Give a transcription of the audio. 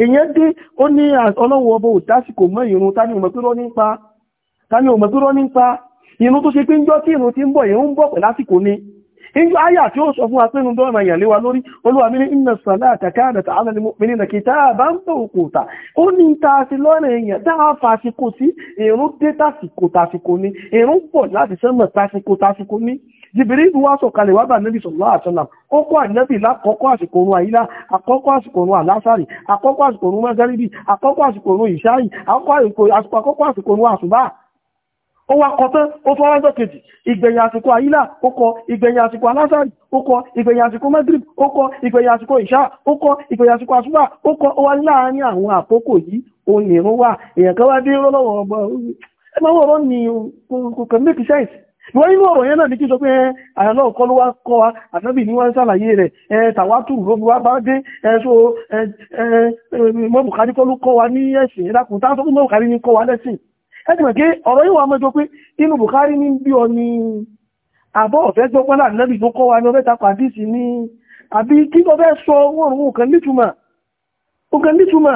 èyàn dé ó ní ọlọ́wọ́ ọbọ̀ òtásìkò mọ́ ìrun tání òmọ̀pírọ́ nípa irun tó ṣe pé ń jọ́ tí irun ti ń bọ̀ ìrun ń bọ̀ pẹ̀lásìkò ni inú ayà tí ó sọ fún apínú dọ́ọ̀mà ìyànlẹ́wà lórí olúwa mi ní inna salata kanat ala al-mu'minina kitaban mawquta ó ní ta sí lọ́nà èèyàn dáa fàṣíkò sí ìrún dé tàṣíkò tàṣíkò ní ìrún pọ̀ láti sẹ́mọ̀ tàṣíkò tàṣíkò ní jìbìrí ìlú wá sọ̀kalẹ̀ wábà nẹ́bì sallallahu alaihi wasallam ó kọ́ ànábì lákọ́kọ́ àsìkò orun àyílá àkọ́kọ́ àsìkò orun àlásàrì àkọ́kọ́ àsìkò orun mọ́gàríbì àkọ́kọ́ àsìkò orun ìṣáyì àkọ́kọ́ àsìkò orun àsùbá ó wá kọ tán ó fọ́ ránṣẹ́ kejì ìgbẹ̀yìn àsìkò àyílà ó kọ ìgbẹ̀yìn àsìkò alásàrì ó kọ ìgbẹ̀yìn àsìkò magrib ó kọ ìgbẹ̀yìn àsìkò ìṣá ó kọ ìgbẹ̀yìn àsìkò àsúbà ó kọ ó wá láàárín àwọn àkókò yìí èèyàn kan wá dé kò kàn make sense yẹn náà ní kí ẹgbẹ̀rẹ̀ pé ọ̀rọ̀ yíwa mẹ́jọ pé inú Bukhari ní bí ọ ni àbọ̀ ọ̀fẹ́ tó pọ́lá nẹ́bì tó kọ́ wa ní ọbẹ́ta pàdísì ní àbí kí lọ fẹ́ sọ wọ́n òun kan nítumà